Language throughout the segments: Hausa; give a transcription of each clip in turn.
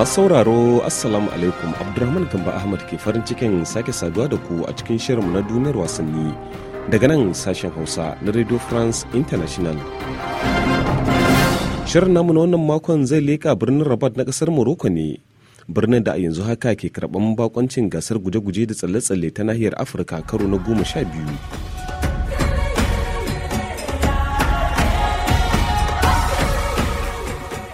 masu sauraro assalamu alaikum abdulrahman gamba ahmad ke farin cikin sake saduwa da ku a cikin shirinmu na duniyar wasanni daga nan sashen hausa na radio france international shirin namu na wannan makon zai leka birnin rabat na kasar morocco ne birnin da a yanzu haka ke karɓar bakoncin gasar guje-guje da tsalle-tsalle ta nahiyar afirka karo na goma sha biyu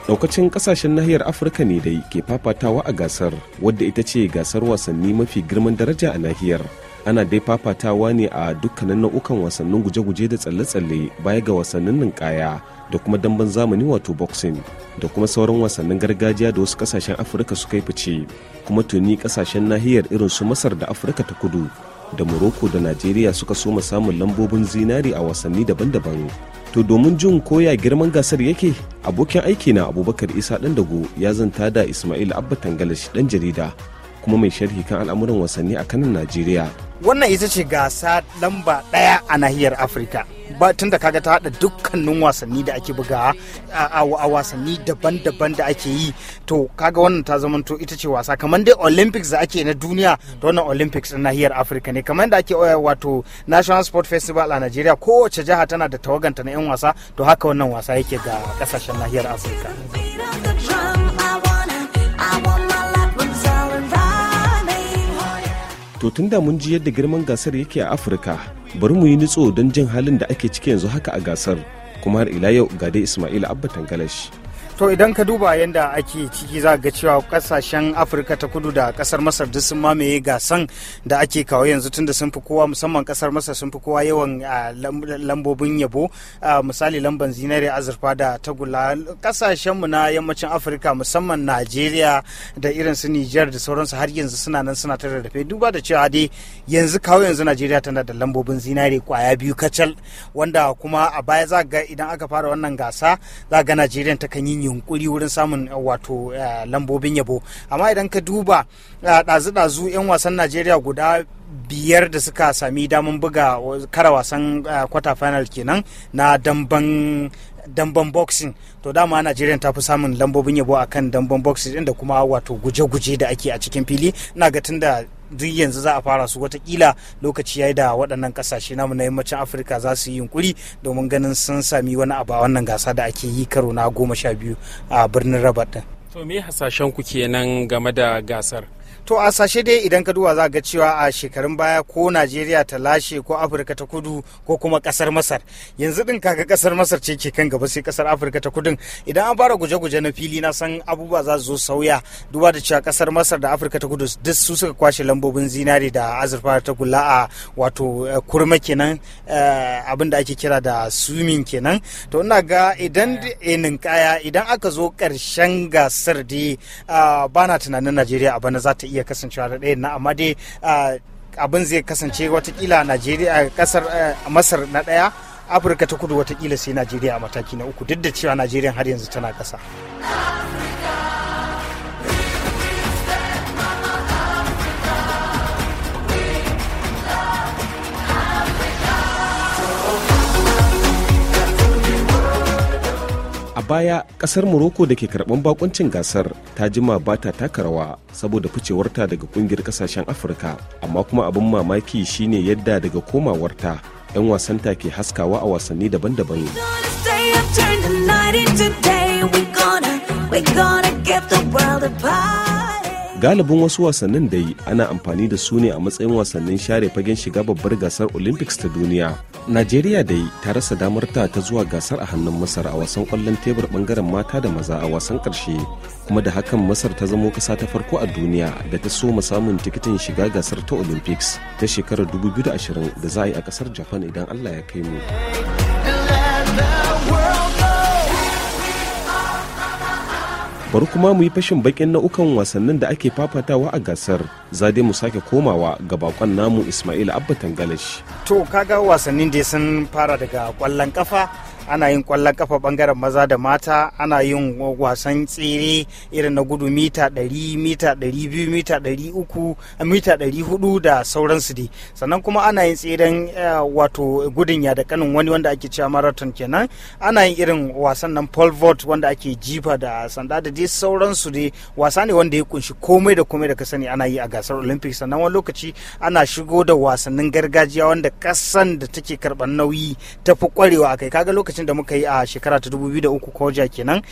daukacin kasashen nahiyar afirka ne dai ke fafatawa a gasar wadda ita ce gasar wasanni mafi girman daraja a nahiyar ana dai fafatawa ne a dukkanin nau'ukan wasannin guje-guje da tsalle-tsalle baya ga wasannin ninkaya da kuma damben zamani wato boxing da kuma sauran wasannin gargajiya da wasu kasashen afirka suka yi fice kuma tuni kasashen nahiyar irin su masar da afirka ta kudu da morocco da nigeria suka soma samun lambobin zinari a wasanni daban-daban to domin jin koya girman gasar yake abokin aiki na abubakar isa dan dago ya zanta da ismail abba tangalash dan jarida kuma mai sharhi kan al'amuran wasanni a kanan nigeria. wannan ita ce gasa lamba ɗaya a nahiyar afirka ba tun da kaga ta hada dukkanin wasanni da ake buga a wasanni daban-daban da ake yi to kaga wannan ta zama ita ce wasa kamar dai olympics da ake na duniya da wannan olympics na nahiyar afirka ne kamar da ake eh, wato national sport festival a nigeria kowace jiha tana da tawaganta na 'yan wasa to haka wannan wasa yake ga kasashen nahiyar afirka to tun da mun ji yadda girman gasar yake a afirka bari mu yi nutso don jin halin da ake ciki yanzu haka a gasar kuma har ila yau ga dai ismail abba tangalashi to idan ka duba yadda ake ciki za ga cewa kasashen afirka ta kudu da kasar masar duk sun mamaye gasan da ake kawo yanzu tunda sun fi kowa musamman kasar masar sun fi kowa yawan lambobin yabo misali lamban zinare azurfa da tagula kasashen mu na yammacin afirka musamman najeriya da irin su niger da sauransu har yanzu suna nan suna ta rarrafe duba da cewa dai yanzu kawo yanzu najeriya tana da lambobin zinare kwaya biyu kacal wanda kuma a baya za ga idan aka fara wannan gasa za ga najeriya ta kan yi yunkuri wurin samun eh, wato eh, lambobin yabo amma idan ka duba eh, ɗazu-ɗazu 'yan wasan najeriya guda biyar da suka sami damar buga kara wasan kwata final kenan na damban damban boxing to dama najeriya ta fi samun lambobin yabo akan damban boxing din da kuma wato guje-guje da ake a cikin fili na ga tunda duk yanzu za a fara su watakila lokaci yayi da waɗannan kasashe namu na yammacin afirka za su yi yunkuri domin ganin sun sami wani abu a wannan gasa da ake yi karo na goma sha biyu a birnin rabat din to me hasashen ku kenan game da gasar to a sashe dai idan ka duba za ga cewa a shekarun baya ko najeriya ta lashe ko afirka ta kudu ko kuma kasar masar yanzu din kaga kasar masar ce ke kan gaba sai kasar afirka ta kudun idan an fara guje-guje na fili na san abubuwa za su zo sauya duba da cewa kasar masar da afirka ta kudu duk su suka kwashe lambobin zinare da azurfa ta gula a wato eh, kurma kenan eh, abin da ake kira da sumin kenan to ina ga idan kaya eh, idan aka zo karshen gasar dai ah, bana tunanin najeriya a bana za ta ta iya kasancewa da ɗaya na amma dai abin zai kasance watakila najeriya kasar masar na ɗaya afirka ta kudu watakila sai najeriya a mataki na uku duk da cewa najeriya har yanzu tana ƙasa. a baya kasar morocco da ke karban bakuncin gasar ta jima ba ta taka rawa saboda ficewarta daga kungiyar kasashen afirka amma kuma abin mamaki shine yadda daga komawarta 'yan wasanta ke haskawa a wasanni daban-daban We're gonna give the world pie. galibin wasu wasannin da yi ana amfani da su ne a matsayin wasannin share fagen shiga babbar gasar olympics ta duniya najeriya da yi ta rasa damar ta ta zuwa gasar a hannun masar a wasan kwallon tebur bangaren mata da maza a wasan karshe kuma da hakan masar ta zamo kasa ta farko a duniya da ta soma samun tikitin shiga gasar ta olympics ta shekarar 2020 da za a yi a kasar japan idan allah ya kai mu bari kuma mu yi fashin bakin nau'ukan wasannin da ake fafatawa a gasar zade mu sake komawa ga bakon namu ismail abba tangalish to kaga wasannin da sun fara daga kwallon kafa ana yin kwallon kafa bangaren maza da mata ana yin wasan tsere irin na gudu mita 100 mita 200 mita 300 mita 400 da sauransu dai sannan kuma ana yin tseren eh, wato gudun ya da kanin wani wanda ake cewa marathon kenan ana yin irin wasan nan pole vault wanda ake jifa da sanda da dai sauransu dai wasa ne wanda ya kunshi komai da komai da ka sani ana yi a gasar olympics sannan wani lokaci ana shigo da wasannin gargajiya wanda kasan da take karban nauyi tafi kwarewa a kai kaga lokaci lokacin da muka yi a shekara ta 2003 koja kenan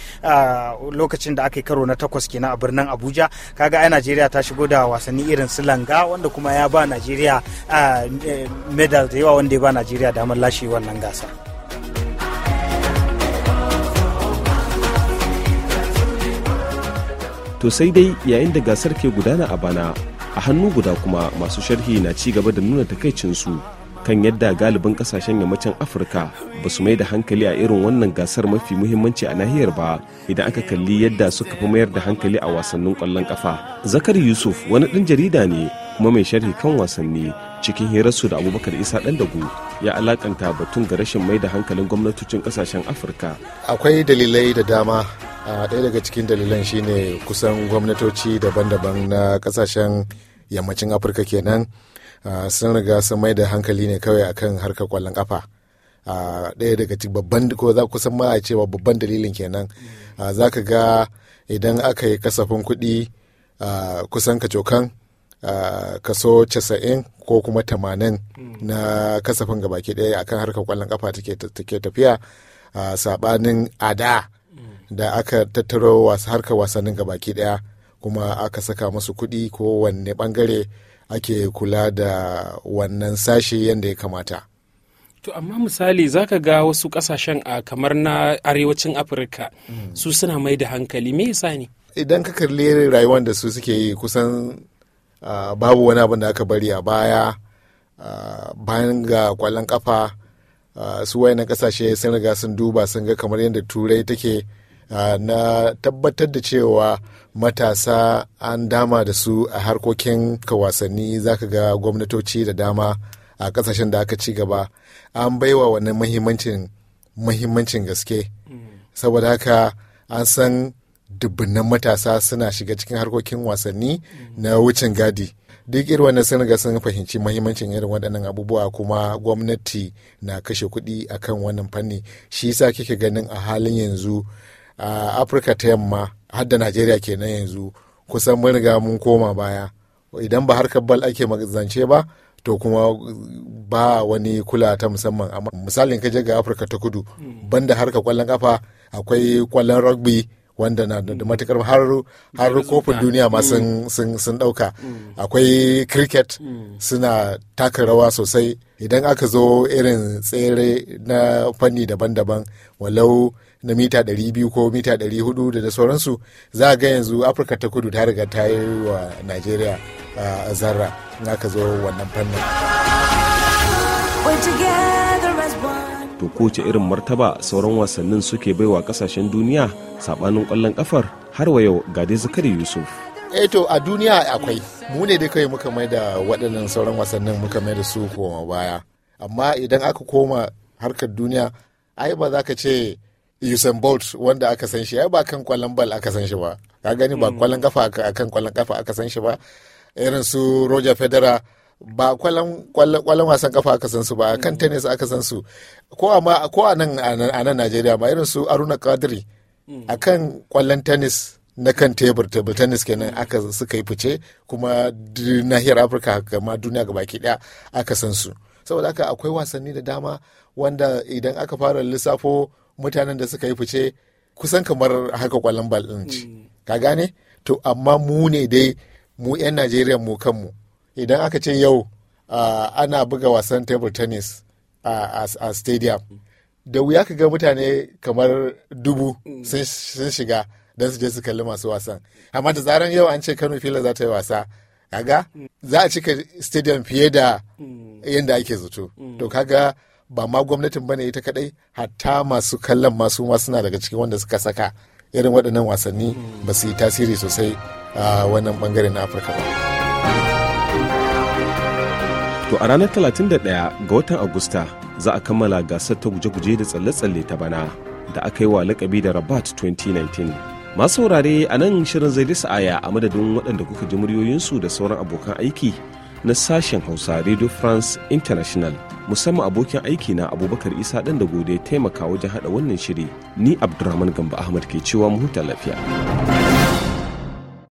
lokacin da aka yi karo na takwas kenan a birnin abuja kaga ai najeriya ta shigo da wasanni irin su langa wanda kuma ya ba najeriya eh, medal da yawa wanda ya ba najeriya damar lashe wannan gasa to sai dai yayin da gasar ke gudana a bana a hannu guda kuma masu sharhi na ci gaba da nuna takaicinsu kan yadda galibin kasashen yammacin afirka ba su mai da hankali a irin wannan gasar mafi muhimmanci a nahiyar ba idan aka kalli yadda suka fi mayar da hankali a wasannin kwallon kafa zakar yusuf wani ɗan jarida ne kuma mai sharhi kan wasanni cikin hirarsu da abubakar isa ɗan dagu ya alakanta batun ga rashin mai da hankalin gwamnatocin kasashen afirka akwai dalilai da dama ɗaya daga cikin dalilan shine kusan gwamnatoci daban-daban na kasashen yammacin afirka kenan Ah, sun riga sun mai da hankali ne kawai akan harkar kwallon kafa ah, ɗaya daga cikin babban ko za san ma a cewa babban dalilin kenan ah, za ka ga idan aka yi kasafin kuɗi kusan cokan kaso casa'in ko kuma tamanin na kasafin gabaki ɗaya akan harkar kwallon kafa take tafiya saɓanin ada da aka tattaro harkar wasannin gabaki ɗaya kuma aka saka masu kuɗi ko wanne ɓangare ake kula da wannan sashe yadda ya kamata to amma misali zaka ga wasu kasashen a kamar na arewacin afirka mm. su suna mai da hankali me yasa ne idan ka kalli rayuwar da su suke yi kusan babu wani abin da aka bari a baya bayan ga kwallon kafa su wayan kasashe sun riga sun duba sun ga kamar yadda turai take na tabbatar da cewa matasa an dama da su a harkokin wasanni zaka ga gwamnatoci da dama a kasashen da aka ci gaba an baiwa wannan mahimmancin mahimmancin gaske saboda haka an san dubbunan matasa suna shiga cikin harkokin wasanni na wucin gadi duk irin wannan sun riga sun fahimci mahimmancin irin waɗannan abubuwa kuma gwamnati na kashe kuɗi akan wannan fanni shi yasa kike ganin a halin yanzu a afirka ta yamma har da najeriya kenan yanzu kusan mun riga mun koma baya idan ba harkar bal ake zance ba to kuma ba wani kula ta musamman amma misalin ka je ga afirka ta kudu hmm. banda harkar kwallon kafa akwai kwallon rugby wanda na da hmm. matukar har har kofin duniya ma sun hmm. sun dauka akwai cricket suna taka rawa sosai idan aka zo irin tsere na fanni daban-daban walau na mita 200 ko mita 400 da sauransu za a ga yanzu afirka ta kudu ta riga ta yi wa najeriya ah, zarra na ka zo wannan fannin to ce irin martaba sauran wasannin suke baiwa kasashen duniya sabanin kwallon kafar har wa yau dai zakari yusuf eto eh a duniya akwai mu ne da kai muka mai da waɗannan sauran wasannin muka mai da su koma baya amma idan aka koma harkar duniya ai ba za ka ce Usain Bolt wanda aka san shi ya ba kan kwallon bal aka san shi ba ka gani ba hmm. kwallon kafa akan kwallon kafa aka san shi ba irin su Roger Federer ba kwallon kwallon wasan kafa aka san su ba hmm. kan tennis aka san su ko a ko a nan a nan Najeriya ba irin su Aruna Kadri hmm. akan kwallon tennis na kan tebur tebur tennis kenan aka suka yi fice kuma nahiyar Afirka kama duniya baki daya aka san su saboda haka akwai wasanni da dama wanda idan aka fara lissafo mutanen da suka yi fice kusan kamar haka kwallon bal ɗin ci mm. ka gane to amma mu ne dai mu 'yan najeriya mu kanmu idan aka ce yau ana buga wasan table tennis a stadium mm. da wuya ka ga mutane kamar dubu mm. sun shiga don su je su kalli masu wasan amma da zaran yau an ce kano fila za ta yi wasa kaga za a cika stadium fiye da yadda ake zato to kaga ba ma gwamnatin bane ita kadai hatta masu kallon masu ma suna daga cikin wanda suka saka irin waɗannan wasanni ba su yi tasiri sosai a wannan bangare na afirka ba to a ranar 31 ga watan agusta za a kammala gasar ta guje-guje da tsalle-tsalle ta bana da aka yi wa lakabi da rabat 2019 masu saurare a nan shirin zai aya a madadin waɗanda kuka ji muryoyinsu da sauran abokan aiki na sashen Hausa Radio France International. Musamman abokin aiki na Abubakar Isa dan da gode taimaka wajen hada wannan shiri. Ni Abdulrahman Gamba Ahmad ke cewa mu huta lafiya.